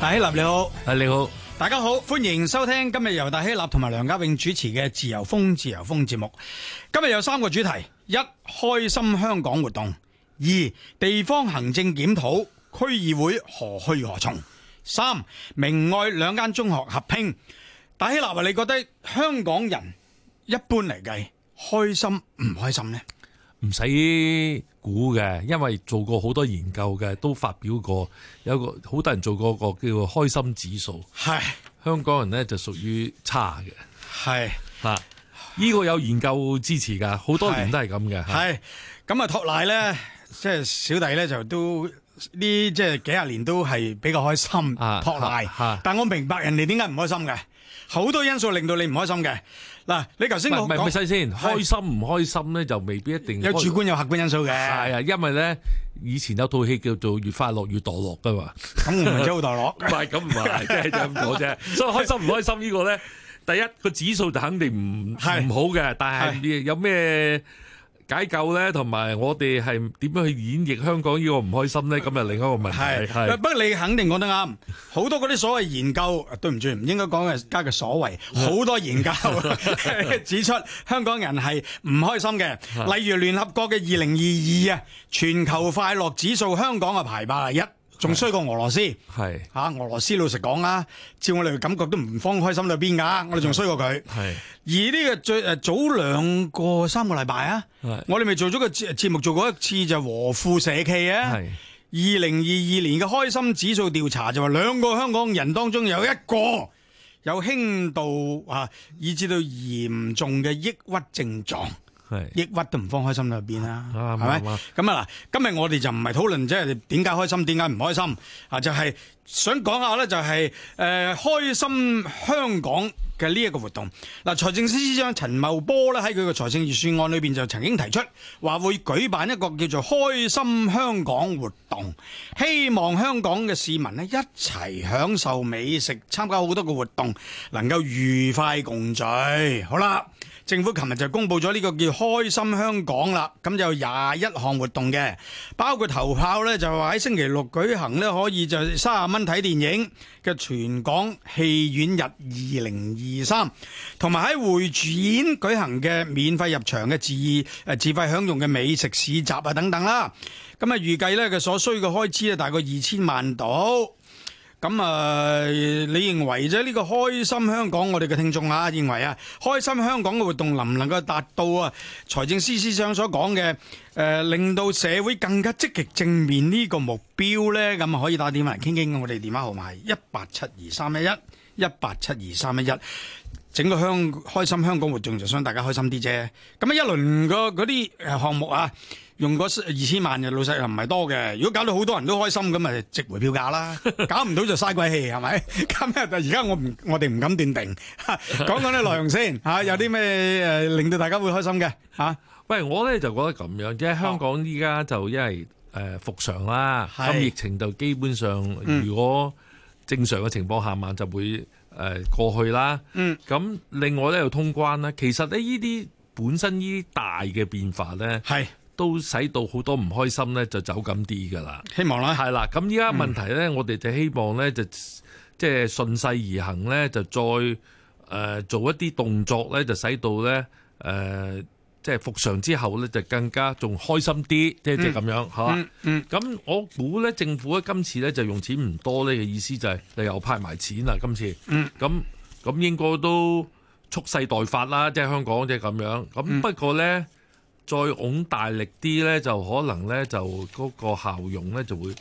戴希立你好，你好，大家好，歡迎收聽今日由戴希立同埋梁家永主持嘅《自由風自由風》節目。今日有三個主題：一、開心香港活動；二、地方行政檢討，區議會何去何從；三、明愛兩間中學合拼。戴希立啊，你覺得香港人一般嚟計開心唔開心呢？唔使。估嘅，因為做過好多研究嘅，都發表過，有個好多人做過個叫做開心指數，係是香港人咧就屬於差嘅，係呢是、啊呢個有研究支持㗎，好多人都係咁嘅。係咁啊，託賴咧，即係小弟咧就都呢，即係幾十年都係比較開心，託賴，但我明白人哋點解唔開心嘅，好多因素令到你唔開心嘅。嗱，你頭先講唔係咪細先，開心唔開心咧就未必一定有主觀有客觀因素嘅。係啊，因為咧以前有套戲叫做《越快樂越墮落》噶嘛，咁唔係真好墮落，唔係咁唔係即係咁講啫。所以開心唔開心呢個咧，第一個指數就肯定唔係唔好嘅，但係有咩？解救呢，同埋我哋係點樣去演繹香港呢個唔開心呢？咁又另一個問題。係係。不過你肯定講得啱，好多嗰啲所謂研究，對唔住，唔應該講嘅家嘅所謂，好多研究指出香港人係唔開心嘅。例如聯合國嘅二零二二啊，全球快樂指數，香港嘅排八啊一。仲衰過俄羅斯，係吓、啊、俄羅斯老實講啊，照我哋嘅感覺都唔方開心裏邊噶，我哋仲衰過佢。是而呢個最誒、呃、早兩個三個禮拜啊，是我哋咪做咗個節目，做過一次就和富社企啊，二零二二年嘅開心指數調查就話，兩個香港人當中有一個有輕度吓、啊、以至到嚴重嘅抑鬱症狀。係抑鬱都唔放開心入邊啦，係咪？咁啊嗱，今日我哋就唔係討論即係點解開心，點解唔開心啊，就係想講下咧，就係誒開心香港嘅呢一個活動。嗱，財政司司長陳茂波咧喺佢嘅財政預算案裏邊就曾經提出，話會舉辦一個叫做開心香港活動，希望香港嘅市民咧一齊享受美食，參加好多個活動，能夠愉快共聚。好啦。政府琴日就公布咗呢個叫開心香港啦，咁就有廿一項活動嘅，包括頭炮呢，就話喺星期六舉行呢，可以就三十蚊睇電影嘅全港戲院日二零二三，同埋喺會展舉行嘅免費入場嘅自誒自費享用嘅美食市集啊，等等啦。咁啊，預計呢，佢所需嘅開支呢，大概二千萬度。咁啊、嗯，你認為啫？呢個開心香港，我哋嘅聽眾啊，認為啊，開心香港嘅活動能唔能夠達到啊財政司司長所講嘅誒，令到社會更加積極正面呢個目標呢，咁、嗯、啊，可以打電話嚟傾傾。我哋電話號碼係一八七二三一一一八七二三一一。1, 1, 整個香開心香港活動就想大家開心啲啫。咁啊，一輪個嗰啲項目啊。用嗰二千萬嘅老細又唔係多嘅。如果搞到好多人都開心咁，咪值回票價啦。搞唔到就嘥鬼氣係咪？今日而家我唔我哋唔敢斷定。講講啲內容先、 啊、有啲咩令到大家會開心嘅、啊、喂，我咧就覺得咁樣即係香港依家就因為誒復常啦，咁是疫情就基本上、嗯、如果正常嘅情況下，晚就會誒過去啦。咁、嗯、另外咧又通關啦。其實咧呢啲本身呢啲大嘅變化咧都使到好多唔開心咧，就走緊啲噶啦。希望啦，係啦。咁依家問題咧，嗯、我哋就希望咧，就即、是、係順勢而行咧、呃呃，就再誒做一啲動作咧，就使到咧誒即係復常之後咧，就更加仲開心啲，即係咁樣嚇。咁我估咧，政府咧今次咧就用錢唔多呢，嘅意思就係，你又派埋錢啦今次。咁咁、嗯、應該都蓄勢待發啦，即、就、係、是、香港即係咁樣。咁不過咧。再拱大力啲呢，就可能呢，就嗰個效用呢就會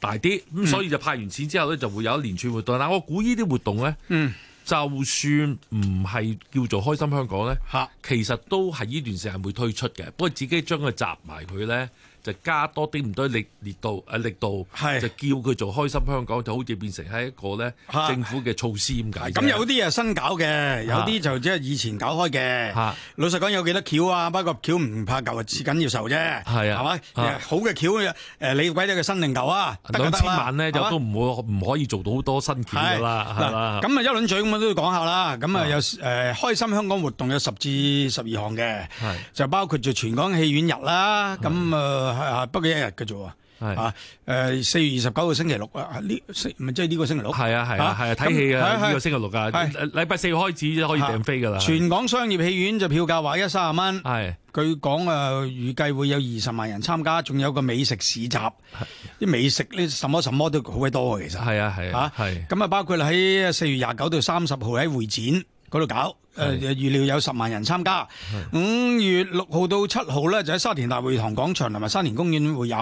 大啲。咁、嗯、所以就派完錢之後呢，就會有一連串活動。但我估呢啲活動呢，嗯，就算唔係叫做開心香港呢，哈其實都係呢段時間會推出嘅。不過自己將佢集埋佢呢。就加多啲唔多力力度，誒力度就叫佢做開心香港，就好似變成係一個咧政府嘅措施咁解。咁有啲係新搞嘅，有啲就即係以前搞開嘅。老實講，有幾多橋啊？不過橋唔怕舊，最緊要受啫。係啊，係咪？好嘅橋誒，你鬼得嘅新定舊啊，兩千萬咧就都唔會唔可以做到好多新橋㗎啦，係啦。咁啊一輪嘴咁都要講下啦。咁啊有誒開心香港活動有十至十二項嘅，就包括住全港戲院日啦。咁誒。係啊，不過一日嘅啫。係啊，誒四月二十九號星期六啊，呢即係呢個星期六。係啊係啊係啊，睇戲啊，呢個星期六啊，禮拜四開始就可以訂飛噶啦。全港商業戲院就票價話三十蚊。係。據講啊，預計會有二十萬人參加，仲有個美食市集，啲美食呢什麼什麼都好鬼多嘅其實。係啊係啊。嚇，咁啊包括喺四月廿九到三十號喺會展嗰度搞。誒預料有十萬人參加，五月六號到七號呢，就喺沙田大會堂廣場同埋沙田公園會有，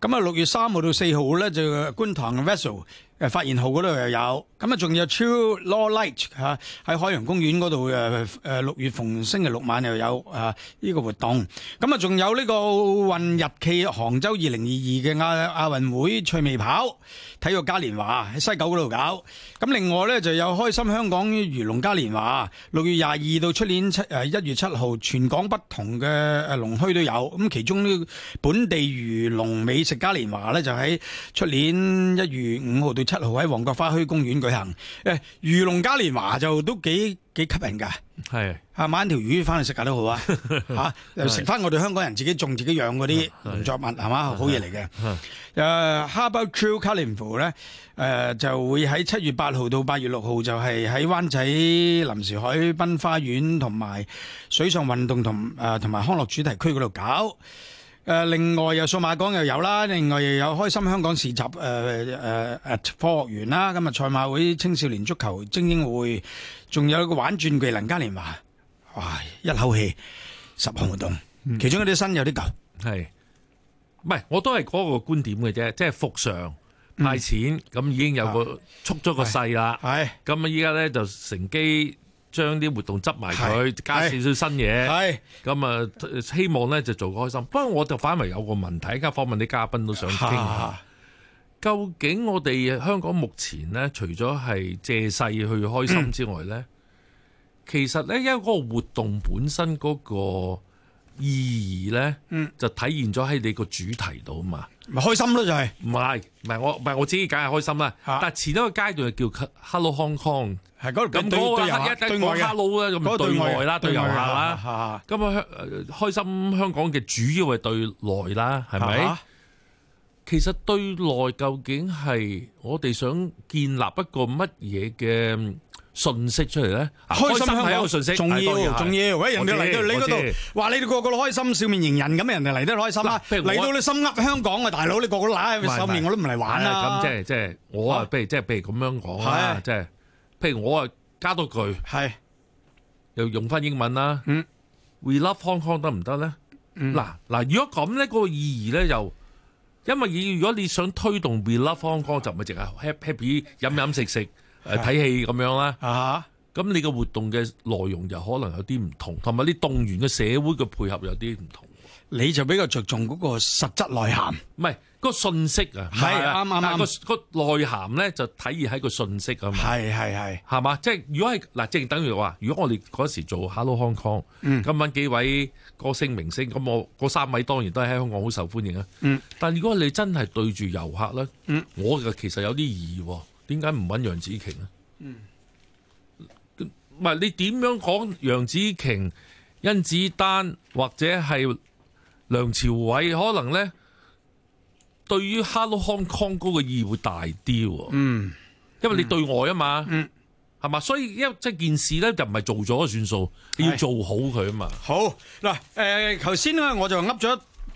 咁啊六月三號到四號呢，就觀塘 Vessel。誒發現號嗰度又有，咁啊仲有超 law light 嚇喺海洋公園嗰度誒誒六月逢星期六晚又有啊，呢個活動，咁啊仲有呢個奧運日暨杭州二零二二嘅亞亞運會趣味跑體育嘉年華喺西九嗰度搞，咁另外咧就有開心香港漁農嘉年華六月廿二到出年七誒一月七號，全港不同嘅誒農墟都有，咁其中呢本地漁農美食嘉年華咧就喺出年一月五號到七號喺旺角花墟公園舉行，誒，魚龍嘉年華就都幾幾吸引噶，係吓的買條魚翻去食下都好 啊，吓又食翻我哋香港人自己種、自己養嗰啲農作物係嘛， 好嘢嚟嘅。誒 Harbour Chill Carnival 咧，誒、呃，就會喺七月八號到八月六號，就係喺灣仔臨時海濱花園同埋水上運動同誒同埋康樂主題區嗰度搞。誒，另外又數碼港又有啦，另外又有開心香港市集誒誒誒科學園啦，咁啊賽馬會青少年足球精英會，仲有一個玩轉技能嘉年華，哇，一口氣十項活動，其中一啲新，有啲舊，係，唔係，我都係嗰個觀點嘅啫，即係服上派錢，咁已經有個促咗個勢啦，係，咁啊依家咧就乘機。將啲活動執埋佢，是加少少新嘢，咁啊希望咧就做個開心。是不過我就反為有個問題，而家訪問啲嘉賓都想傾下，啊、究竟我哋香港目前咧，除咗係借勢去開心之外咧，嗯、其實咧，因為嗰個活動本身嗰個意義咧，嗯、就體現咗喺你個主題度啊嘛。咪開心咯就係，唔係唔係我唔係我自己梗係開心啦。但前一個階段就叫 Hello Hong Kong，係嗰條咁嗰個一對外嘅，咁對外啦，對遊客啦。咁啊開心香港嘅主要係對內啦，係咪？其實對內究竟係我哋想建立一個乜嘢嘅？信息出嚟咧，開心香港個信息，重要重要。喂，人哋嚟到你嗰度，話你哋個個開心、笑面迎人咁，人哋嚟得開心。譬如嚟到你心扼香港嘅大佬，你個個乸喺上面，我都唔嚟玩啦。咁即係即係，我啊，譬如即係譬如咁樣講啦，即係譬如我啊加多句，係又用翻英文啦。嗯，We love Hong Kong 得唔得咧？嗱嗱，如果咁咧，嗰個意義咧又因為，如果你想推動 We love Hong Kong，就唔係淨係 happy happy 飲飲食食。誒，睇戲咁樣啦，咁、啊、你個活動嘅內容就可能有啲唔同，同埋你動員嘅社會嘅配合有啲唔同。你就比較着重嗰個實質內涵，唔係、嗯個信息啊，係啱啱啱個、個個內涵咧就體現喺個信息咁。係係係，係嘛？即係、就是、如果係嗱，即係等於我話，如果我哋嗰時做 Hello Hong Kong，今晚、嗯、幾位歌星明星，咁我嗰三位當然都係喺香港好受歡迎啊。嗯、但如果你真係對住遊客咧，嗯、我其實有啲疑喎。點解唔揾楊紫瓊咧？唔係、嗯、你點樣講楊紫瓊、甄子丹或者係梁朝偉，可能咧對於 Hello Hong Kong 個嘅意義會大啲。嗯，因為你對外啊嘛。嗯，係嘛，所以一即件事咧就唔係做咗算數，你要做好佢啊嘛。好嗱，誒、呃，頭先咧我就噏咗。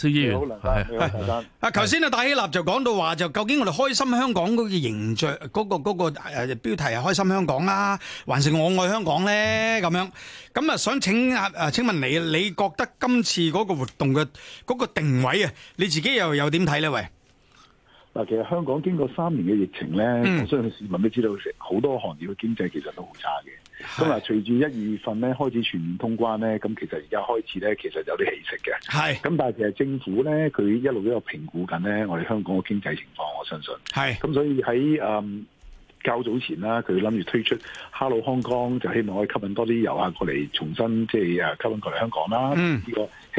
司儀，好梁生，你好梁生。啊，頭先啊，戴喜立就講到話，就究竟我哋開心香港嗰個形象，嗰個嗰個誒標題係開心香港啦，還是我愛香港咧？咁樣，咁啊想請啊，請問你，你覺得今次嗰個活動嘅嗰個定位啊，你自己又有點睇咧？喂，嗱，其實香港經過三年嘅疫情咧，我相信市民都知道，好多行業嘅經濟其實都好差嘅。咁啊，隨住是一、二月份咧開始全面通關咧，咁其實而家開始咧，其實，其實有啲起色嘅。係是，咁但係其實政府咧，佢一路都有評估緊咧，我哋香港嘅經濟情況，我相信係。咁是所以喺誒、嗯、較早前啦，佢諗住推出 Hello Hong Kong，就希望可以吸引多啲遊客過嚟，重新即係誒吸引過嚟香港啦。嗯。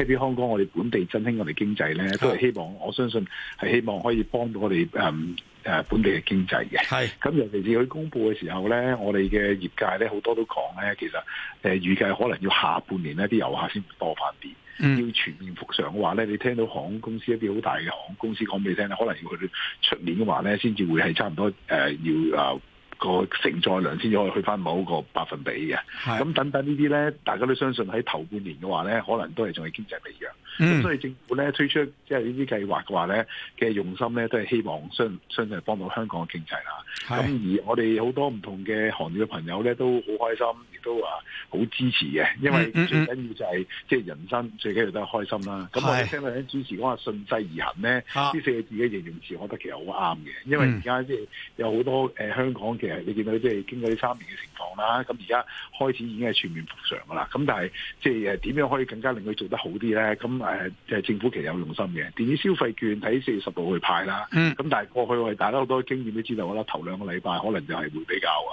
即係俾香港我哋本地振興我哋經濟咧，都係希望，的我相信係希望可以幫到我哋誒誒本地嘅經濟嘅。係咁的，尤其是佢公布嘅時候咧，我哋嘅業界咧好多都講咧，其實誒預計可能要下半年呢啲遊客先會多翻啲。要全面復常嘅話咧，你聽到航空公司一啲好大嘅航空公司講俾你聽咧，可能要去到出年嘅話咧，先至會係差唔多誒要啊。呃個承載量先至可以去翻某個百分比嘅，咁等等呢啲咧，大家都相信喺頭半年嘅話咧，可能都係仲係經濟未弱。咁、嗯、所以政府咧推出即係呢啲計劃嘅話咧，嘅用心咧都係希望相信係幫到香港嘅經濟啦。咁是而我哋好多唔同嘅行業嘅朋友咧都好開心，亦都話好、啊、支持嘅。因為最緊要就係即係人生最緊要都係開心啦。咁是我哋聽到啲主持講話順勢而行咧，呢、啊、四個字嘅形容詞，我覺得其實好啱嘅。因為而家即係有好多、呃、香港，其實你見到即係經過呢三年嘅情況啦，咁而家開始已經係全面復常噶啦。咁但係即係點樣可以更加令佢做得好啲咧？咁誒即係政府其實有用心嘅電子消費券，喺四月十號去派啦。咁、嗯、但係過去我哋大家好多經驗，都知道啦。頭兩個禮拜可能就係會比較啊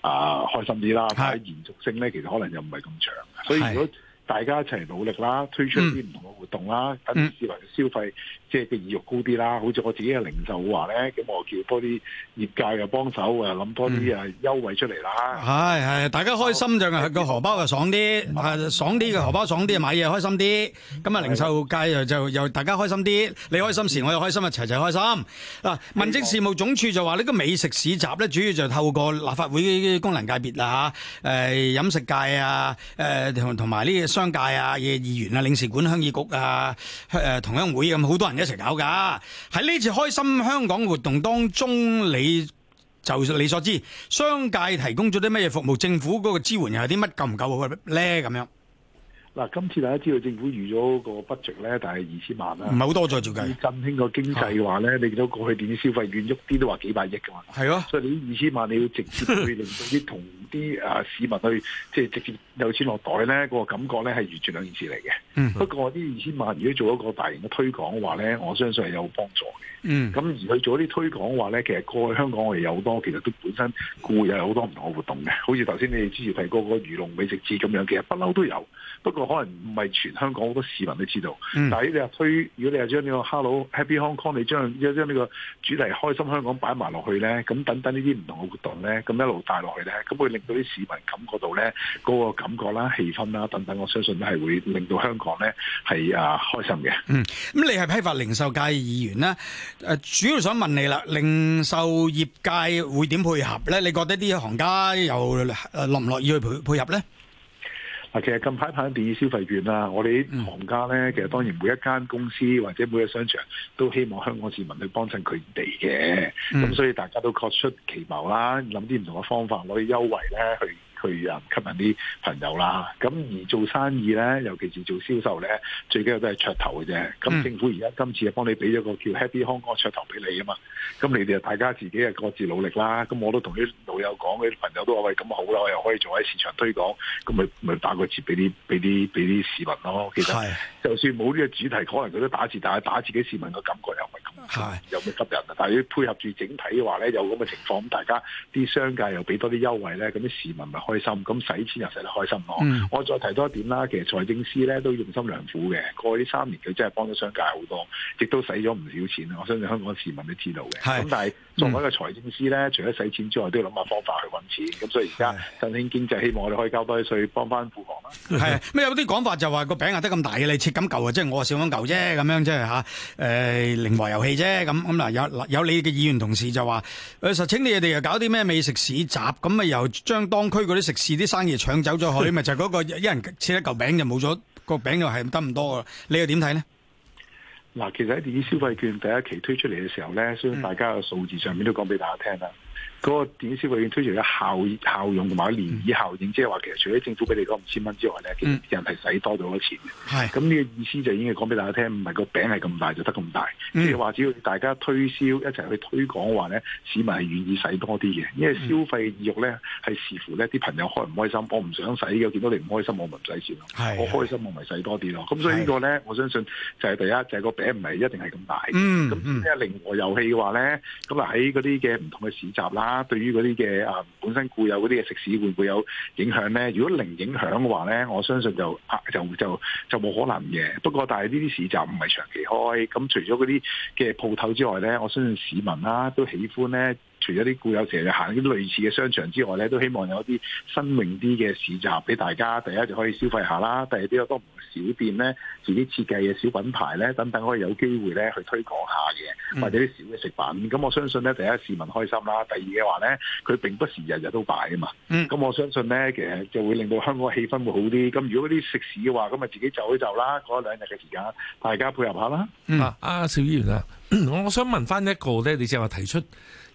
啊開心啲啦，是但係延續性咧，其實可能又唔係咁長。所以如果大家一齊努力啦，推出啲唔同嘅活動啦，嗯、吸引市民消費。嗯即係個意欲高啲啦，好似我自己嘅零售話咧，咁我叫多啲業界又幫手啊，諗多啲啊優惠出嚟啦。係係，大家開心就係個荷包就爽啲，嗯、爽啲嘅荷包爽啲，買嘢開心啲。咁啊，零售界又、嗯、就又大家開心啲，你開心時、嗯、我又開心啊，齊齊開心。嗱，民政事務總署就話呢、呢個美食市集咧，主要就透過立法會功能界別啊，誒、呃、飲食界啊，誒同同埋呢商界啊，嘢議員啊、領事館、鄉議局啊、鄉、呃、同鄉會咁，好多人。一齊搞，噶喺呢次開心香港活動當中，你就你所知，商界提供咗啲乜嘢服務，政府個支援又有啲乜，夠唔夠好咧？咁樣。嗱，今次大家知道政府預咗個 budget 呢，咧，但係二千萬啦，唔係好多再做緊。你振興個經濟嘅話咧，你見到過去電子消費券喐啲都話幾百億㗎嘛，係咯的。所以你呢二千萬你要直接去令到啲同啲市民去， 即係直接有錢落袋咧，個感覺咧係完全兩件事嚟嘅。嗯、哼不過呢二千萬，如果做一個大型嘅推廣嘅話咧，我相信係有幫助嘅。嗯，咁而去做一啲推廣話咧，其實過去香港我哋有好多，其實都本身固有好多唔同嘅活動嘅，好似頭先你哋之前提過個漁農美食節咁樣，其實不嬲都有，不過可能唔係全香港好多市民都知道。但係你話推，如果你話將呢個 Hello Happy Hong Kong，你將一將呢個主題開心香港擺埋落去咧，咁等等呢啲唔同嘅活動咧，咁一路帶落去咧，咁會令到啲市民感覺到咧，嗰個感覺啦、氣氛啦、等等，我相信都係會令到香港咧係啊開心嘅。嗯，咁你係批發零售界議員啦。誒，主要想問你啦，零售業界會點配合咧？你覺得啲行家又誒樂唔樂意去配配合咧？嗱，其實近排派啲電子消費券啊，我哋行家咧，其實當然每一間公司或者每一個商場都希望香港市民去幫襯佢哋嘅，咁、嗯、所以大家都各出奇謀啦，諗啲唔同嘅方法攞啲優惠咧去。佢又 吸引啲朋友啦，咁而做生意咧，尤其是做銷售咧，最緊要都係噱頭嘅啫。咁政府而家今次係幫你俾咗個叫 Happy Hong Kong 噱頭俾你啊嘛，咁你哋大家自己係各自努力啦。咁我都同啲老友講，啲朋友都話喂，咁好啦，我又可以做喺市場推廣，咁咪咪打個折俾啲俾啲俾啲市民咯。其實。就算冇呢個主題，可能佢都打字打，但係打自己市民個感覺又唔係咁，有咩的吸引啊？但係要配合住整體嘅話咧，有咁嘅情況，咁大家啲商界又俾多啲優惠咧，咁啲市民咪開心，咁使錢又使得開心咯。嗯、我再提多一點啦，其實財政司咧都用心良苦嘅，過去呢三年佢真係幫咗商界好多，亦都使咗唔少錢啦。我相信香港市民都知道嘅。咁的但係作為一個財政司咧，除咗使錢之外，都要諗下方法去揾錢。咁所以而家振興經濟，希望我哋可以交多啲稅，幫翻。係咩、？ 嗯、有啲講法就話，個餅啊得咁大嘅，你切咁嚿啊即係我少咁嚿啫，咁樣即係吓誒零和遊戲啫咁咁嗱有有你嘅議員同事就話誒實情你哋又搞啲咩美食市集咁咪又將當區嗰啲食肆啲生意搶走咗去咪 就係嗰個一人切一嚿餅就冇咗、個餅又係得唔多嘅你又點睇呢？嗱其實喺電子消費券第一期推出嚟嘅時候咧，雖然大家嘅數字上面都講俾大家聽啦。嗯嗰、那個電子消費推出咗效效用同埋連以效應，即係話其實除咗政府俾你嗰五千蚊之外咧，其實人係使多咗好多錢嘅。咁呢、嗯、個意思就已經講俾大家聽，唔係個餅係咁大就得咁大，即係話只要大家推銷一齊去推廣話咧，市民係願意使多啲嘅。因為消費意欲咧係視乎咧啲朋友開唔開心，我唔想使嘅，見到你唔開心，我咪唔使錢咯。的我開心我咪使多啲咯。咁的所以呢個咧，我相信就係第一，就係、是、個餅唔係一定係咁大。咁即係靈活遊戲嘅話咧，咁啊喺嗰啲嘅唔同嘅市集。啦，對於嗰啲嘅啊本身固有嗰啲嘅食肆會唔會有影響咧？如果零影響嘅話咧，我相信就就就就冇可能嘅。不過，但係呢啲市集唔係長期開。咁除咗嗰啲嘅鋪頭之外咧，我相信市民啦、啊、都喜歡咧。除咗啲固有成日行啲類似嘅商場之外咧，都希望有一啲新穎啲嘅市集俾大家。第一就可以消費下啦，第二都有多唔少店咧，自己設計嘅小品牌咧等等可以有機會咧去推廣下嘅，或者啲小嘅食品。咁、嗯、我相信咧，第一市民開心啦，第二嘅話咧，佢並不是日日都擺啊嘛。咁、嗯、我相信咧，其實就會令到香港氣氛會好啲。咁如果啲食肆嘅話，咁咪自己就一就啦，過一兩日嘅時間，大家配合下啦。啊、嗯，阿邵議員啊，我想問翻一個咧，你即係話提出。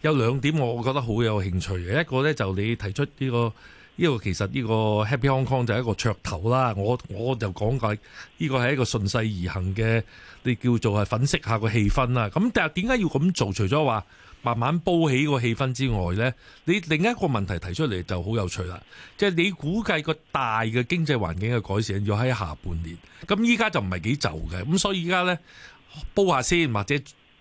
有兩點我覺得好有興趣嘅，一個呢，就你提出呢個，呢個其實呢個 Happy Hong Kong 就係一個噱頭啦。我我就講解呢個係一個順勢而行嘅，你叫做係粉飾下個氣氛啦。咁但係點解要咁做？除咗話慢慢煲起個氣氛之外呢，你另一個問題提出嚟就好有趣啦。即係你估計個大嘅經濟環境嘅改善要喺下半年，咁依家就唔係幾就嘅。咁所以依家呢，煲下先，或者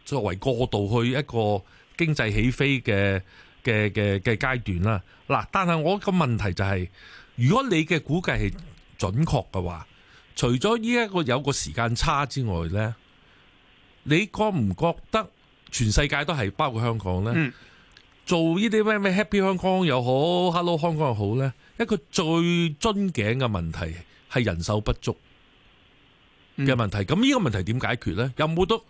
作為過渡去一個。經濟起飛嘅嘅嘅嘅階段啦，嗱，但係我個問題就係、是，如果你嘅估計係準確嘅話，除咗呢一個有個時間差之外呢，你覺唔覺得全世界都係包括香港呢？嗯、做呢啲咩咩 Happy Hong Kong 又好，Hello Hong Kong 又好呢，一個最樽頸嘅問題係人手不足嘅問題，咁呢、嗯、個問題點解決呢？有冇得？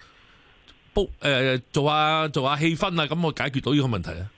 不，誒做下做下氣氛啊！咁我解決到呢個問題咧。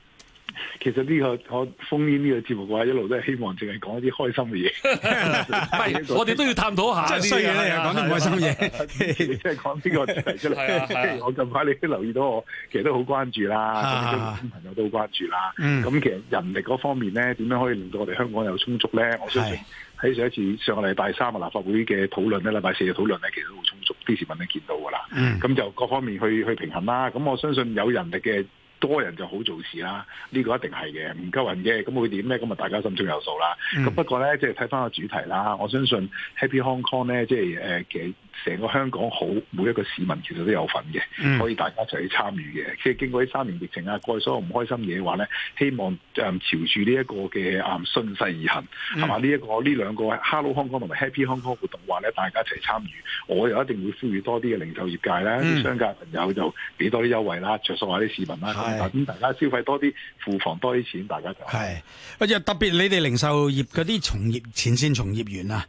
其實呢個我烽煙呢個節目嘅話，一路都係希望淨係講啲開心嘅嘢。我哋都要探討下。真係衰嘢咧，講啲唔開心嘢。即係講呢個問題出嚟？我近排你都留意到我，其實都好關注啦。咁啲年輕朋友都好關注啦。咁其實人力嗰方面咧，點樣可以令到我哋香港有充足咧？我相信。喺上一次上個禮拜三嘅立法會嘅討論咧，禮拜四嘅討論咧，其實都好充足，啲市民都見到㗎啦。咁就各方面去去平衡啦。咁我相信有人力嘅。多人就好做事啦，呢、這個一定係嘅，唔夠人嘅，咁會點咧？咁啊，大家心中有數啦。咁、嗯、不過咧，即係睇翻個主題啦。我相信 Happy Hong Kong 咧，即係誒，成、呃、個香港好，每一個市民其實都有份嘅，可、嗯、以大家一齊去參與嘅。即係經過呢三年疫情啊，過去所有唔開心嘢嘅話咧，希望、呃、朝住呢一個嘅誒順勢而行，係嘛、嗯？呢一、這個呢兩個 Hello Hong Kong 同埋 Happy Hong Kong 活動話咧，大家一齊參與，我又一定會呼籲多啲嘅零售業界啦，啲商界朋友就俾多啲優惠啦，著數下啲市民啦。咁，是大家消費多啲，庫房多啲錢，大家就係。係，特別你哋零售業嗰啲從業前線從業員啊，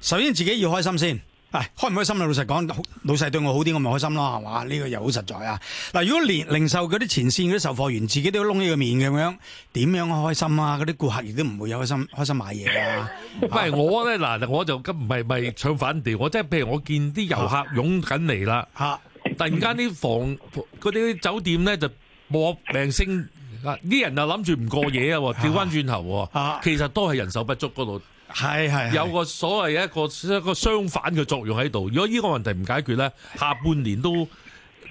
首先自己要開心先。啊，開唔開心啊？老實講，老細對我好啲，我咪開心咯，係嘛？呢、這個又好實在啊。嗱，如果零零售嗰啲前線嗰啲售貨員自己都窿起個面咁樣，點樣開心啊？嗰啲顧客亦都唔會有開心，開心買嘢啊。 啊不係我咧，嗱，我就咁唔係唔係唱反調，我即、就、係、是、譬如我見啲遊客湧緊嚟啦，嚇、啊！突然間啲房嗰啲酒店咧就～搏命星啊！啲人又諗住唔過夜啊！調翻轉頭，其實都係人手不足嗰度，係係，有個所謂一個一個相反嘅作用喺度。如果依個問題唔解決咧，下半年都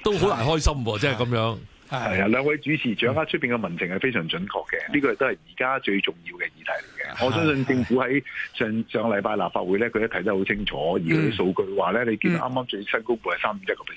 都好難開心喎！即係咁樣，係啊，兩位主持掌握出邊嘅民情係非常準確嘅，呢個都係而家最重要嘅議題嚟嘅。我相信政府喺上上個禮拜立法會咧，佢都睇得好清楚，而嗰啲數據話咧，嗯、你見啱啱最新高點係三點一個 percent，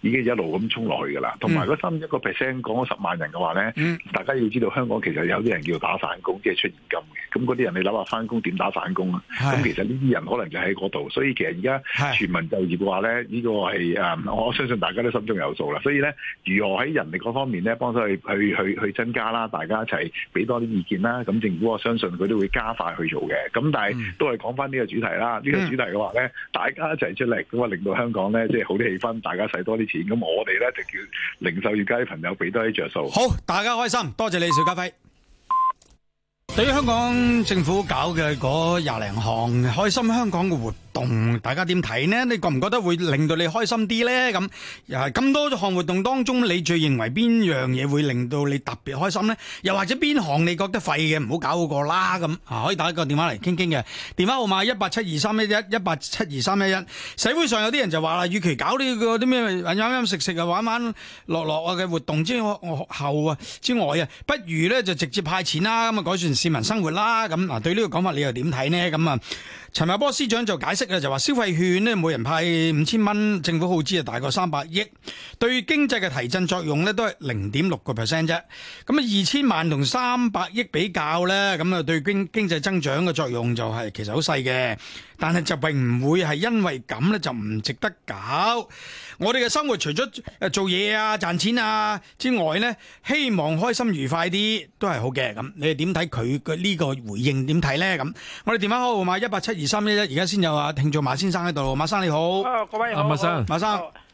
已經一路咁沖落去㗎啦。同埋嗰三點一個 percent 講咗十萬人嘅話咧，嗯、大家要知道香港其實有啲人叫打反工，即、就、係、是、出現金嘅。咁嗰啲人你諗下返工點打反工啊？咁是其實呢啲人可能就喺嗰度。所以其實而家全民就業嘅話咧，呢、呢個係我相信大家都心中有數啦。所以咧，如何喺人力嗰方面咧，幫到去去去，去增加啦，大家一齊俾多啲意見啦。咁政府我相信佢都會。加快去做嘅，咁但係都係講翻呢個主題啦。呢、呢個主題嘅話咧，嗯、大家一齊出力，咁啊令到香港咧即係好啲氣氛，大家使多啲錢，咁我哋咧就叫零售業界啲朋友俾多啲着數。好，大家開心，多謝你邵家輝。對於香港政府搞嘅嗰廿零項開心香港嘅活。大家點睇呢？你覺唔覺得會令到你開心啲呢？咁又係咁多項活動當中，你最認為邊樣嘢會令到你特別開心呢？又或者邊項你覺得廢嘅，唔好搞嗰個啦咁啊？可以打一個電話嚟傾傾嘅電話號碼一八七二三一一一八七二三一一。社會上有啲人就話啦，與其搞呢個啲咩飲飲食食啊、玩玩樂樂啊嘅活動之後啊之外啊，不如呢就直接派錢啦，咁啊改善市民生活啦咁嗱、啊。對呢個講法你又點睇呢？咁啊，陳茂波司長就解釋。就話消費券呢每人派五千蚊，政府耗資啊大過三百億，對經濟嘅提振作用呢都係零點六個 percent 啫。咁啊二千萬同三百億比較呢，咁啊對經經濟增長嘅作用就係其實好細嘅，但係就並唔會係因為咁呢就唔值得搞。我哋嘅生活除咗誒做嘢啊、賺錢啊之外咧，希望開心愉快啲都係好嘅。咁你哋點睇佢嘅呢個回應？點睇咧？咁我哋電話號碼一八七二三一一，而家先有啊聽眾馬先生喺度，馬生你好。啊，各位好。啊、馬生，馬生。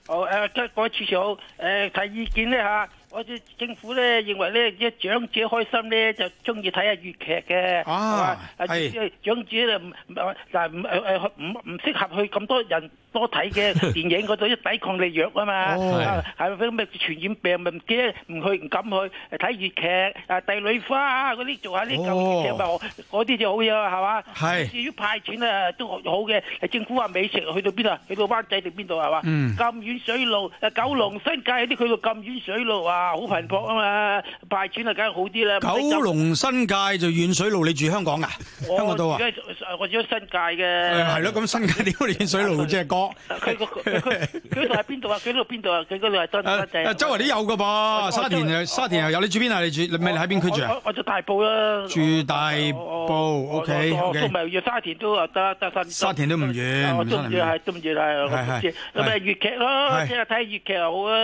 好誒、哦，即、哦、係、呃、好。喺好誒提意見呢。吓。我哋政府咧認為咧，即係長者開心咧就鍾意睇下粵劇嘅，係嘛？係長者就嗱唔唔唔適合去咁多人多睇嘅電影嗰度，啲抵抗力弱啊嘛，係咪先咩傳染病咪唔驚唔去唔敢去睇粵劇？啊，帝女花嗰啲做下啲舊粵劇咪，嗰啲就好嘢啊，係嘛？係至於派錢啊，都好嘅。政府話美食去到邊度啊？去到灣仔定邊度係嘛？咁遠水路啊，九龍新界啲去到咁遠水路啊！啊，好頻撲啊嘛，派錢啊，梗係好啲啦。九龍新界就遠水路，你住香港啊？香港島啊？我住喺新界嘅。係咯，咁新界點會遠水路即係哥？佢個佢嗰度係邊度啊？佢嗰度邊度啊？佢嗰度係多多謝。周圍都有噶噃，沙田又沙田又有。你住邊啊？你住咩？你喺邊區住啊？我住大埔啦。住大埔，OK OK。都唔係要沙田都得得沙。沙田都唔遠。中意係中意係我唔知。咁咪粵劇咯，即係睇粵劇又好啊，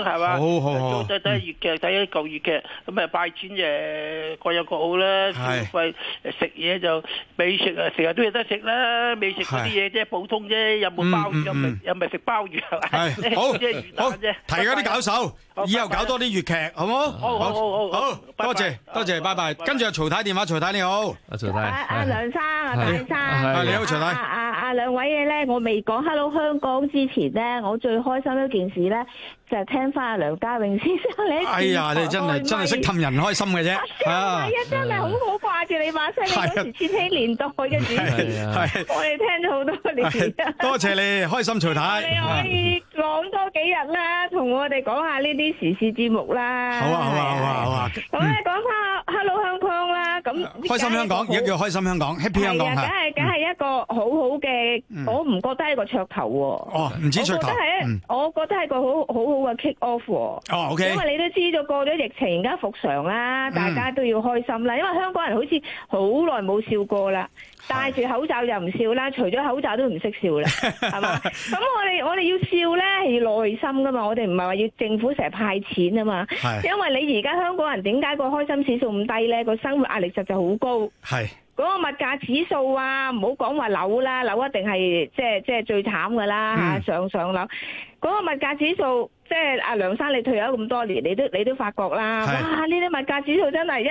係嘛？好好好。睇粵劇，睇啲舊粵劇，咁咪拜錢誒，各有各好啦。消費食嘢就美食啊，成日都有得食啦。美食嗰啲嘢即係，普通啫，有冇鮑魚？又咪又咪食鮑魚係咪？好，好，提下啲搞手，以後搞多啲粵劇，好冇？好好好，多謝多謝，拜拜。跟住阿曹太電話，曹太你好，阿曹太，阿梁生，梁生，你好，曹太。啊！兩位嘢咧，我未講 Hello 香港之前咧，我最開心一件事咧，就係聽翻阿梁家榮先生你。哎呀！你真係真係識氹人開心嘅啫。啊！真係好好掛住你把聲。係啊！千禧年代嘅主，我哋聽咗好多年。多謝你，開心徐太。你可以講多幾日啦，同我哋講下呢啲時事節目啦。好啊！好啊！好啊！好啊！咁咧講翻 Hello 香港啦，咁開心香港而家叫開心香港，Happy 香港係。係啊！梗係梗係一個好好嘅。嗯、我唔覺得係個噱頭、啊、哦，唔止我覺得係，嗯、我覺得係個很很好好好嘅 kick off、啊、哦，OK。因為你都知道過咗疫情，而家復常啦，大家都要開心啦。嗯、因為香港人好似好耐冇笑過啦，是戴住口罩又唔笑啦，除咗口罩都唔識笑啦，係嘛？ 咁、嗯、我哋我哋要笑咧，係要耐心噶嘛，我哋唔係話要政府成日派錢啊嘛，是因為你而家香港人點解個開心指數咁低咧？個生活壓力實就好高，係。嗰個物價指數啊，唔好講話樓啦，樓一定係即係即係最慘㗎啦，上上樓嗰、那個物價指數，即係阿梁生你退休咁多年，你都你都發覺啦，是哇！呢啲物價指數真係一一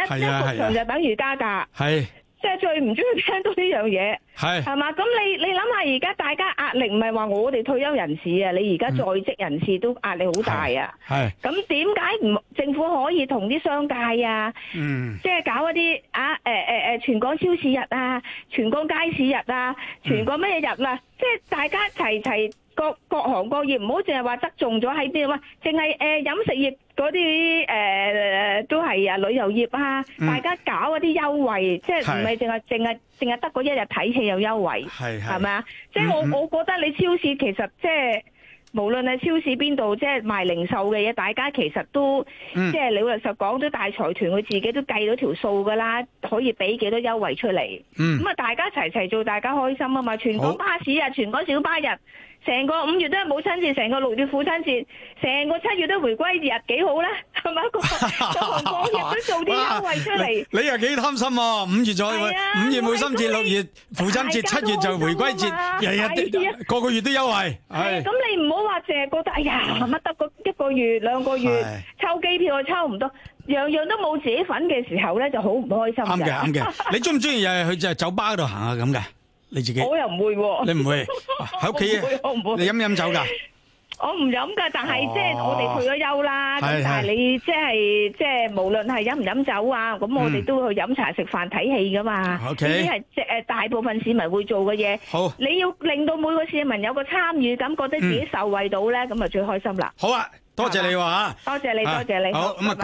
幅牆就等於加價。係。即係最唔中意聽到呢樣嘢，係係嘛？咁你你諗下，而家大家壓力唔係話我哋退休人士啊，你而家在，在職人士都壓力好大啊。係咁點解唔政府可以同啲商界啊？嗯，即係搞一啲啊誒誒誒，全港超市日啊，全港街市日啊，全港乜嘢日呀、啊？即係、嗯、大家齊齊。各各行各業唔好淨係話側重咗喺邊度啊，淨係誒飲食業嗰啲誒都係啊，旅遊業啊，嗯、大家搞嗰啲優惠，是即係唔係淨係淨係淨係得嗰一日睇戲有優惠，係係咪啊？吧嗯、即係我我覺得你超市其實即係無論係超市邊度，即係賣零售嘅嘢，大家其實都、嗯、即係你老實講都大財團佢自己都計到條數噶啦，可以俾幾多優惠出嚟。嗯，咁啊大家齊齊做，大家開心啊嘛！全港巴士啊，好全港小巴日。成個五月都係母親節，成個六月父親節，成個七月都回歸日，幾好咧？係咪啊？個個行業都做啲優惠出嚟。你又幾貪心喎？五月再會五月母親節、六月父親節、七月就回歸節，日日個個月都優惠。係咁，你唔好話成日覺得哎呀乜得個一個月兩個月抽機票又抽唔多，樣樣都冇自己份嘅時候咧，就好唔開心嘅。啱嘅啱嘅，你中唔中意日日去就酒吧嗰度行下咁嘅？你自己我又唔會，你唔會，喺屋企，我唔會，你飲唔飲酒噶？我唔飲噶，但係即係我哋退咗休啦。但係你即係即係，無論係飲唔飲酒啊，咁我哋都去飲茶食飯睇戲噶嘛。O K，呢啲係即誒大部分市民會做嘅嘢。好，你要令到每個市民有個參與感，覺得自己受惠到咧，咁就最開心啦。好啊。多謝你話，多謝你，吧多謝你。好咁啊，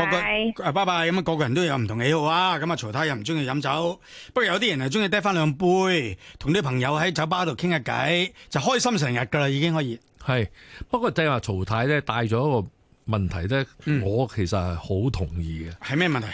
各各拜拜。咁啊、那個，各、那個、個人都有唔同喜好啊。咁啊，曹太又唔中意飲酒，不過有啲人係，中意得翻兩杯，同啲朋友喺酒吧度傾下偈，就開心成日噶啦，已經可以。係，不過就係話曹太咧帶咗一個問題咧，嗯、我其實係好同意嘅。係咩問題？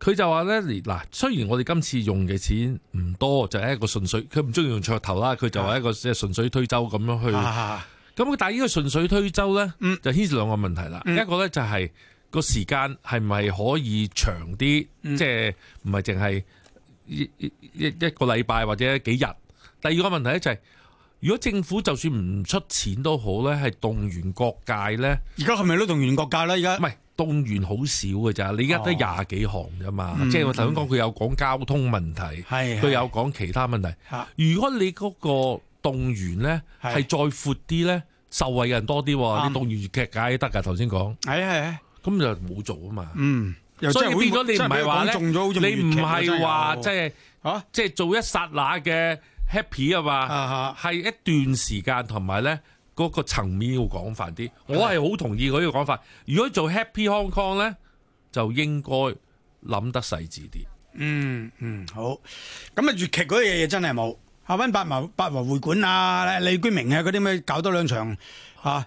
佢就話咧，嗱，雖然我哋今次用嘅錢唔多，就係、是、一個順水，佢唔中意用噱頭啦，佢就話一個即係順水推舟咁樣去。咁但係呢個順水推舟咧，嗯、就牽涉兩個問題啦。嗯、一個咧就係、是、個、嗯、時間係咪可以長啲，即係唔係淨係一一個禮拜或者幾日？第二個問題咧就係、是，如果政府就算唔出錢都好咧，係動員各界咧。而家係咪都動員各界咧？而家唔係動員好少嘅咋？你而家得廿幾項咋嘛？即係、哦、我頭先講，佢、嗯、有講交通問題，係佢是有講其他問題。是是如果你嗰、嗰個動員咧係再闊啲咧，受惠嘅人多啲。你動員粵劇梗係得㗎，頭先講係係，咁就冇做啊嘛。嗯，所以變咗你唔係話咧，你唔係話即係即係做一剎那嘅 happy 啊嘛，係一段時間同埋咧嗰個層面要廣泛啲。我係好同意佢個講法。如果做 happy Hong Kong 咧，就應該諗得細緻啲。嗯嗯，好。咁啊，粵劇嗰樣嘢真係冇。百品百茂八和會館啊，李居明啊，嗰啲咩搞多兩場啊！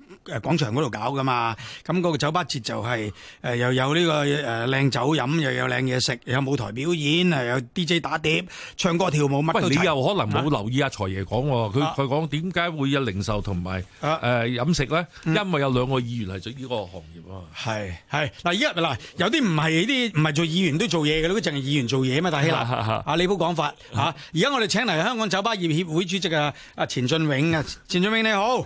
誒廣場嗰度搞噶嘛，咁、那個個酒吧節就係、是、誒、呃、又有呢、這個誒靚、呃、酒飲，又有靚嘢食，又有舞台表演，又有 DJ 打碟、唱歌、啊、跳舞，乜嘢。不過你又可能冇留意阿、啊、財爺講喎，佢佢講點解會有零售同埋誒飲食咧？因為有兩個議員嚟做呢個行業喎。係係嗱，而家嗱，有啲唔係啲唔係做議員都做嘢嘅咯，淨係議員做嘢啊嘛！大希臘，阿李講法嚇，而、啊、家、嗯、我哋請嚟香港酒吧業協會主席啊，阿、啊、錢雋永啊，錢雋永你好。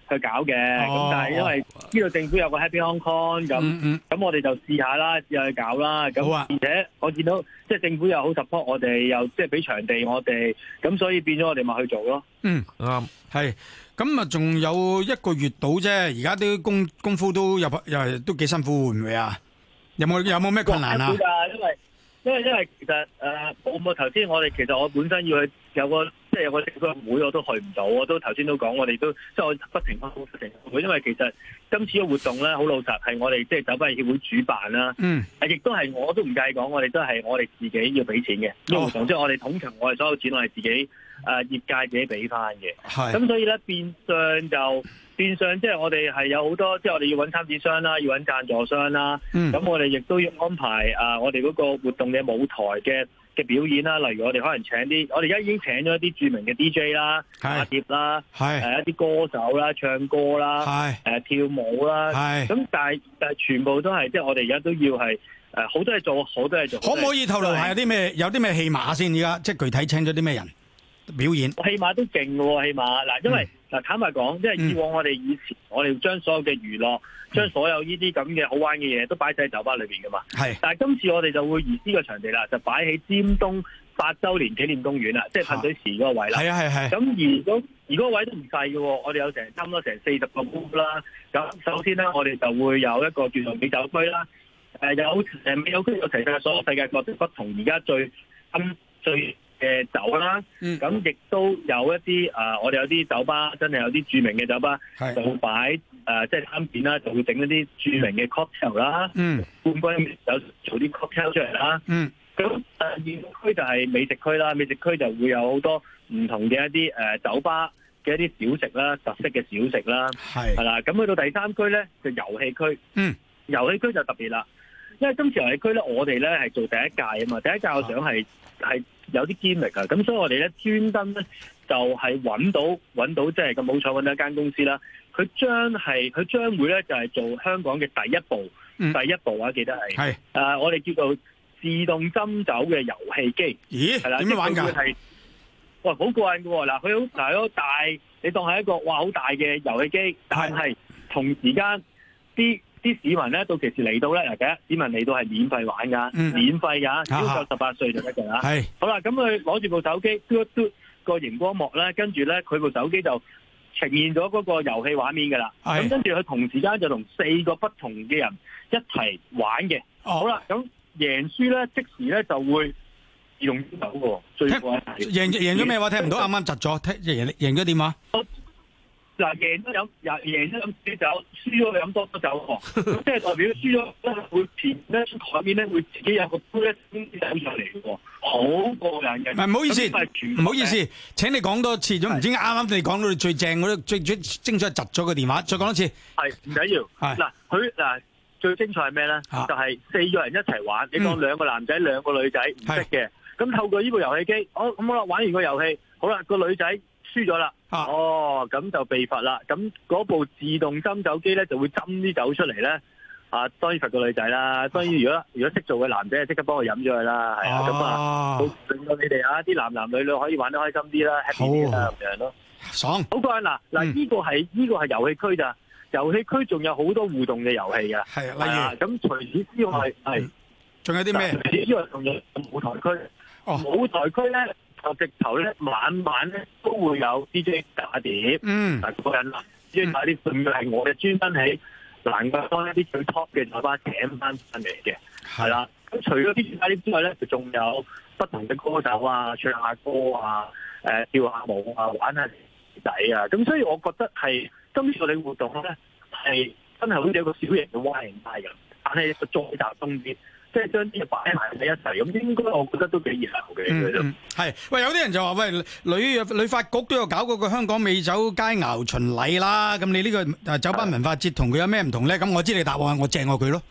去搞嘅，咁但係因為呢度政府有個 Happy Hong Kong 咁，咁我哋就試下啦，又去搞啦，咁好啊，而且我見到即係政府又好 support 我哋，又即係俾場地我哋，咁所以變咗我哋咪去做咯。嗯，啱，係。咁啊，仲有一個月到啫，而家啲功功夫都入又係都幾辛苦，會唔會啊？有冇有冇咩困難啊？因為因為因為其實誒，我我頭先我哋其實我本身要去有個。即係我哋個會我都去唔到，我都頭先都講，我哋都即係我不停翻工，不停會，因為其實今次嘅活動咧，好老實係我哋即係酒吧業協會主辦啦，嗯，亦都係我都唔介意講，我哋都係我哋自己要俾錢嘅，活哦，即係我哋統籌我哋所有錢我哋自己，誒、呃、業界自己俾翻嘅，係是，咁、嗯、所以咧變相就。線上即係、就是、我哋係有好多，即、就、係、是、我哋要揾參展商啦，要揾贊助商啦。咁、嗯、我哋亦都要安排啊、呃，我哋嗰個活動嘅舞台嘅嘅表演啦。例如我哋可能請啲，我哋而家已經請咗一啲著名嘅 DJ 啦是、打碟啦，係是、呃、一啲歌手啦、唱歌啦，係誒是、呃、跳舞啦。係咁是，但係但係全部都係即係我哋而家都要係誒好多嘢做，好多嘢做。可唔可以透露下、就是、有啲咩？有啲咩戲碼先？而家即係具體請咗啲咩人？表演，我起碼都勁喎，起碼嗱，因為嗱，嗯、坦白講，即係以往我哋以前，嗯、我哋將所有嘅娛樂，將、嗯、所有呢啲咁嘅好玩嘅嘢都擺晒喺酒吧裏面噶嘛。係，但係今次我哋就會移呢個場地啦，就擺喺尖東八週年紀念公園啦，即係噴水池嗰個位啦。係啊，係係。咁而嗰而嗰個位都唔細嘅，我哋有成差唔多成四十個 group 啦。咁首先咧，我哋就會有一個叫做美酒區啦。誒有誒美酒區，有齊晒所有世界各地不同，而家最最，最嘅酒啦，咁亦都有一啲我哋有啲酒吧真係有啲著名嘅酒吧，就擺、呃、即係攤片啦，就會整一啲著名嘅 cocktail 啦，嗯，半杯酒做啲 cocktail 出嚟啦，嗯，咁第二區就係美食區啦，美食區就會有好多唔同嘅一啲酒吧嘅一啲小食啦，特色嘅小食啦，係係啦，咁去到第三區咧就遊戲區，嗯，遊戲區就特別啦。因為今次遊戲區咧，我哋咧係做第一屆啊嘛，第一屆我想係係有啲堅力噶，咁所以我哋咧專登咧就係揾到揾到，即係咁好彩揾到一間公司啦。佢將係佢將會咧就係做香港嘅第一部，第一部啊記得係係，誒我哋叫做自動斟酒嘅遊戲機。咦？係啦，點玩噶？喂，好過癮噶嗱，佢好大，好大，你當係一個哇好大嘅遊戲機，但係同時間啲。啲市民咧到其時嚟到咧，大嘅市民嚟到係免費玩噶，嗯、免費噶，只要十八歲就得嘅啦。係、啊，好啦，咁佢攞住部手機嘟一嘟嗰個熒光幕咧，跟住咧佢部手機就呈現咗嗰個遊戲畫面㗎啦。咁是跟住佢同時間就同四個不同嘅人一齊玩嘅。哦、好啦，咁贏輸咧即時咧就會用啲輸走聽最過贏贏贏咗咩話？聽唔到剛剛，啱啱窒咗。聽贏贏咗點話？嗱贏都飲，贏贏都飲少酒，輸咗飲多啲酒。咁即係代表輸咗會咧台面咧會自己有個杯上嚟好過癮嘅。唔係唔好意思，唔好意思，請你講多次，咁唔是知啱啱你講到你最正嗰啲最最精彩窒咗個電話，再講多次。係唔緊要。嗱是，佢嗱最精彩係咩咧？啊、就係四個人一齊玩。你講兩個男仔，兩、嗯、個女仔唔識嘅，咁是透過呢部遊戲機，哦咁好啦，玩完個遊戲，好啦，那個女仔輸咗啦。哦，咁就被罰啦。咁嗰部自動斟酒機咧，就會斟啲酒出嚟咧。啊，當然罰個女仔啦。當然，如果如果識做嘅男仔，就即刻幫我飲咗佢啦。係啊，咁啊，令到你哋啊，啲男男女女可以玩得開心啲啦，happy 啲啦，咁樣咯。爽，好過嗱嗱，呢個係呢個係遊戲區咋？遊戲區仲有好多互動嘅遊戲嘅，係啊。咁除此之外，係仲有啲咩？除此之外仲有舞台區，舞台區咧。個直頭咧，晚晚咧都會有 DJ 打碟，嗯，嗱個人啦，至於打啲票嘅係我哋專登喺蘭桂坊一啲最 top 嘅酒吧請翻翻嚟嘅，係啦的。咁除咗 DJ 打碟之外咧，就仲有不同嘅歌手啊，唱下、啊、歌啊，誒、呃、跳下舞啊，玩下仔啊。咁、啊、所以我覺得係今次我哋活動咧係真係好似有個小型嘅 Y M C A 咁，但係個再大啲。即係將啲嘢擺埋喺一齊，咁應該我覺得都幾熱鬧嘅。嗯，係喂，有啲人就話喂，旅旅發局都有搞嗰個香港美酒佳餚巡禮啦。咁你呢個酒吧文化節同佢有咩唔同咧？咁的我知你答案，我正過佢咯。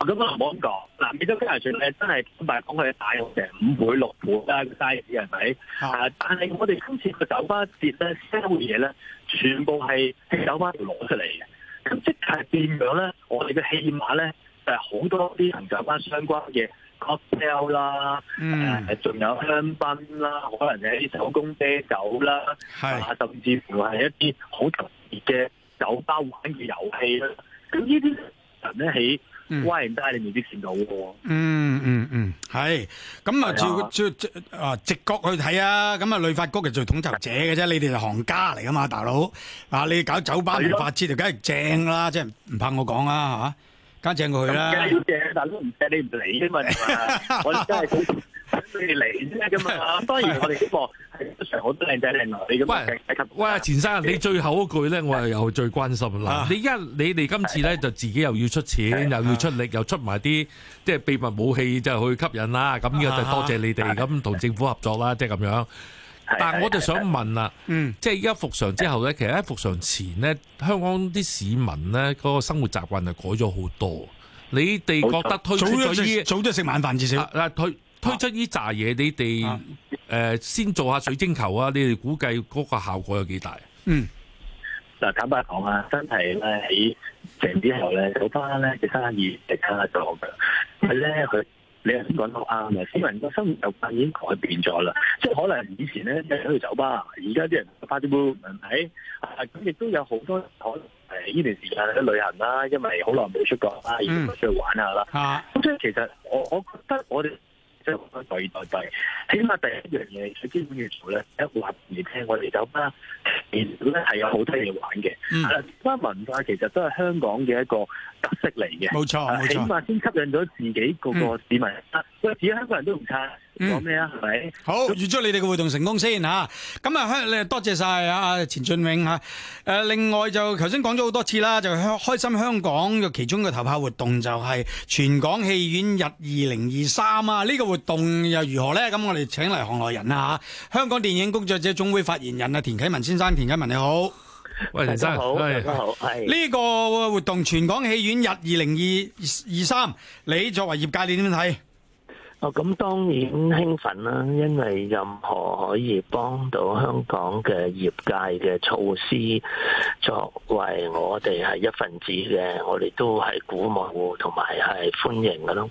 咁啊，唔好咁講。嗱，美酒佳餚巡禮真係咁係講佢大約成五杯六杯啦，嘅 size 係咪？但係我哋今次個酒吧節咧，sell 嘢咧，全部係喺酒吧度攞出嚟嘅。咁即係變咗咧，我哋嘅氣馬咧。係好多啲行走翻相關嘅 cocktail 啦，誒，仲有香檳啦，可能係啲手工啤酒啦，係嘛，甚至乎係一啲好特別嘅酒吧玩嘅遊戲啦。咁呢啲人咧喺威唔得，你未必善到嘅喎。嗯嗯嗯，係。咁啊，照照啊直覺去睇啊，咁啊，旅發局其實做統籌者嘅啫，你哋係行家嚟噶嘛，大佬啊，你搞酒吧旅發節就梗係正啦，即係唔怕我講啦，嚇。加請佢啦，梗係要請，但都唔請你唔嚟啫嘛，我真係好需要嚟啫咁啊。當然我哋希望係非常好多靚仔靚女咁。喂，喂，錢生，你最後嗰句咧，我係又最關心啦！你而家你哋今次咧就自己又要出錢，又要出力，又出埋啲即係秘密武器，即係去吸引啦！咁樣就多謝你哋咁同政府合作啦，即係咁樣。但係我就想問啦，嗯、即係而家復常之後咧，其實喺復常前咧，香港啲市民咧嗰個生活習慣係改咗好多。你哋覺得推出咗呢早啲食晚飯至少嗱、啊、推推出呢扎嘢，啊、你哋誒、呃、先做下水晶球啊！你哋估計嗰個效果有幾大？嗯，嗱坦白講啊，真係咧喺成之後咧，早返咧嘅生意直下降嘅，係咧佢。你又講得好啱啊！市民個生活習慣已經改變咗啦，即係可能以前咧一去酒吧，而家啲人八點半唔喺，咁亦、啊、都有好多可能誒呢段時間去旅行啦，因為好耐冇出國啦，而家出去玩下啦。咁即係其實我我覺得我哋。所以代代，起碼第一樣嘢佢基本要做咧，一話嚟聽我哋走翻，其實咧係有好多嘢玩嘅。啊，文化其實都係香港嘅一個特色嚟嘅，冇錯，起碼先吸引咗自己嗰個市民，喂、嗯，自己香港人都唔差。講咩啊？好預祝你哋嘅活動成功先吓。咁啊，香你多謝晒啊，錢雋永吓。誒、啊，另外就頭先講咗好多次啦，就開心香港嘅其中嘅頭炮活動就係全港戲院日二零二三啊。呢、這個活動又如何呢？咁我哋請嚟，行內人啊吓。香港電影工作者總會發言人啊，田啟文先生，田啟文你好。喂，林先生好，哎、好。係呢個活動全港戲院日二零二二三，你作為業界你點睇？哦，咁當然興奮啦，因為任何可以幫到香港嘅業界嘅措施，作為我哋係一分子嘅，我哋都係鼓舞同埋係歡迎嘅咯。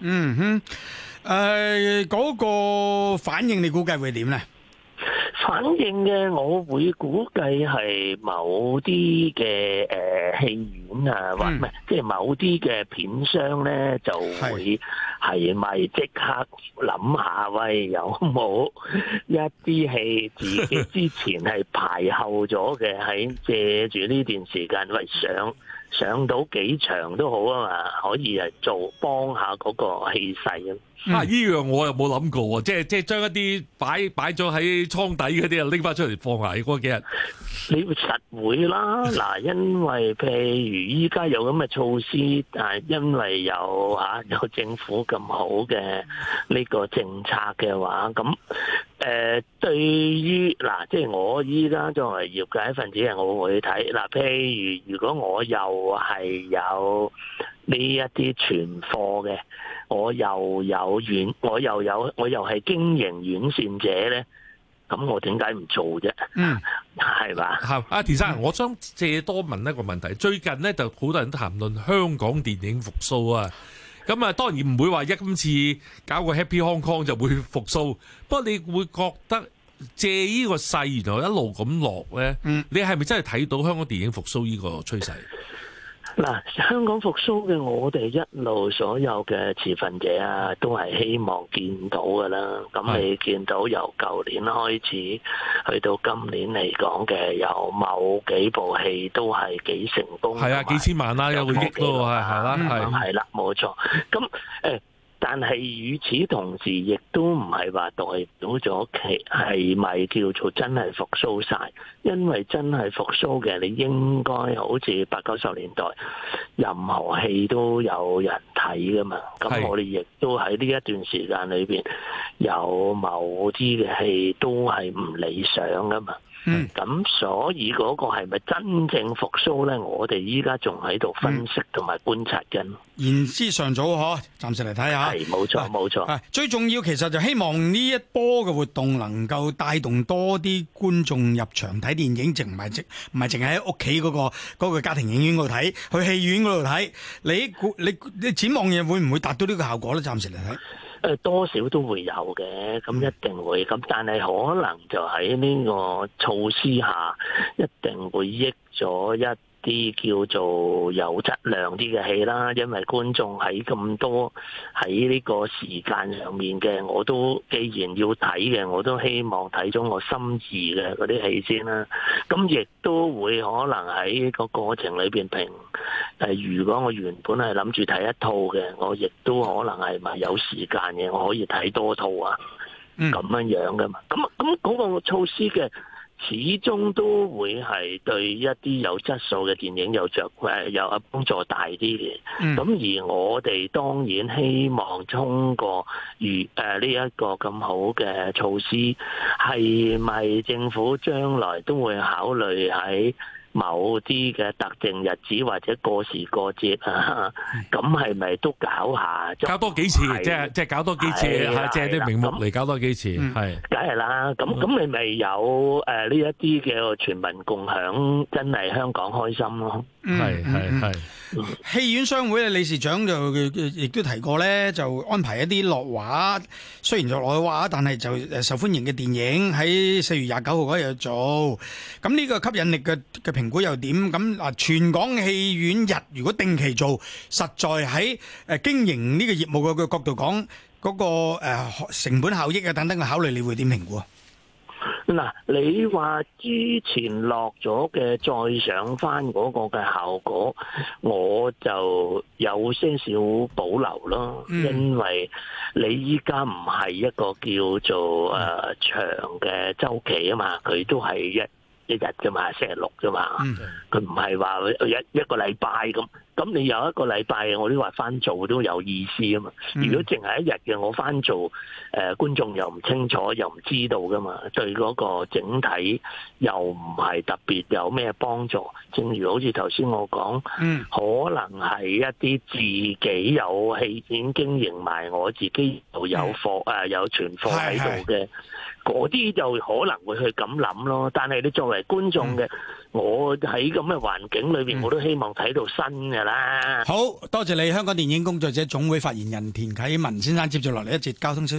嗯哼，誒、呃、嗰、那個反應你估計會點呢？反應嘅我會估計係某啲嘅誒戲院啊，嗯、或唔係即係某啲嘅片商咧，就會係咪即刻諗下，喂有冇一啲戲自己之前係排後咗嘅，喺借住呢段時間喂上上到幾場都好啊嘛，可以係做幫下嗰個氣勢啊！啊！呢樣我又冇諗過啊，即係即係將一啲擺擺咗喺倉底嗰啲啊，拎翻出嚟放埋嗰幾日，你會實會啦。嗱， 因為譬如依家有咁嘅措施，但係因為有吓、啊、有政府咁好嘅呢個政策嘅話，咁誒、呃、對於嗱、啊，即係我依家作為業界一份子，係我會睇嗱、啊。譬如如果我又係有。呢一啲存貨嘅，我又有院，我又有，我又係經營院線者咧，咁我點解唔做啫？嗯，係啦吧。阿田生，我想借多問一個問題。最近咧就好多人都談論香港電影復甦啊，咁啊當然唔會話一今次搞個 Happy Hong Kong 就會復甦。不過你會覺得借呢個勢然後一路咁落咧，你係咪真係睇到香港電影復甦呢個趨勢？嗱，香港復甦嘅，我哋一路所有嘅持份者啊，都係希望見到噶啦。咁你見到由舊年開始，去到今年嚟講嘅，有某幾部戲都係幾成功的。係啊，幾千萬啦、啊，有個億都係，係啦，係啦，係啦，冇錯。咁誒、嗯。但係與此同時，亦都唔係話代表咗其係咪叫做真係復甦晒？因為真係復甦嘅，你應該好似八九十年代任何戲都有人睇噶嘛。咁我哋亦都喺呢一段時間裏面，有某啲嘅戲都係唔理想噶嘛。嗯，咁所以嗰個係咪真正復甦咧？我哋依家仲喺度分析同埋觀察緊。言之尚早嗬，暫時嚟睇下。係，冇錯，冇錯。最重要其實就希望呢一波嘅活動能夠帶動多啲觀眾入場睇電影，即唔係，即唔係淨係喺屋企嗰個嗰個家庭影院嗰度睇，去戲院嗰度睇。你你你展望嘢會唔會達到呢個效果咧？暫時嚟睇。誒多少都會有嘅，咁一定會咁，但係可能就喺呢個措施下，一定會益咗一啲叫做有質量啲嘅戲啦，因為觀眾喺咁多喺呢個時間上面嘅，我都既然要睇嘅，我都希望睇咗我心意嘅嗰啲戲先啦。咁亦都會可能喺個過程裏面評。誒，如果我原本係諗住睇一套嘅，我亦都可能係咪有時間嘅，我可以睇多套啊？咁樣樣噶嘛。咁咁嗰個措施嘅。始終都會係對一啲有質素嘅電影有着誒，有一幫助大啲嘅。咁而我哋當然希望通過如誒呢一個咁好嘅措施，係咪政府將來都會考慮喺？某啲嘅特定日子或者過時過節啊，咁係咪都搞下？搞多幾次啫，即係搞多幾次，借啲名目嚟搞多幾次，係的。梗係啦，咁咁的你咪有誒呢一啲嘅全民共享，真係香港開心咯。係係係。戲院商會嘅理事長就亦都提過呢，就安排一啲落畫，雖然就落畫，但係就受歡迎嘅電影喺四月廿九號嗰日做。咁呢個吸引力嘅嘅評估又點？咁啊，全港戲院日如果定期做，實在喺誒經營呢個業務嘅角度講，嗰個誒成本效益啊等等嘅考慮，你會點評估？嗱，你話之前落咗嘅再上返嗰個嘅效果，我就有些少保留咯，因為你依家唔係一個叫做長嘅週期啊嘛，佢都係一一日㗎嘛，星期六㗎嘛，佢唔係話一一個禮拜咁，咁你有一個禮拜，我都話翻做都有意思啊嘛。如果淨係一日嘅，我翻做，誒觀眾又唔清楚，又唔知道噶嘛，對嗰個整體又唔係特別有咩幫助。正如好似頭先我講，可能係一啲自己有戲片經營埋，我自己度有貨啊，有存貨喺度嘅。.我啲就可能會去咁諗咯，但係你作為觀眾嘅，嗯、我喺咁嘅環境裏邊，我都希望睇到新嘅啦。好多謝你，香港電影工作者總會發言人田啟文先生，接住落嚟一節交通消息。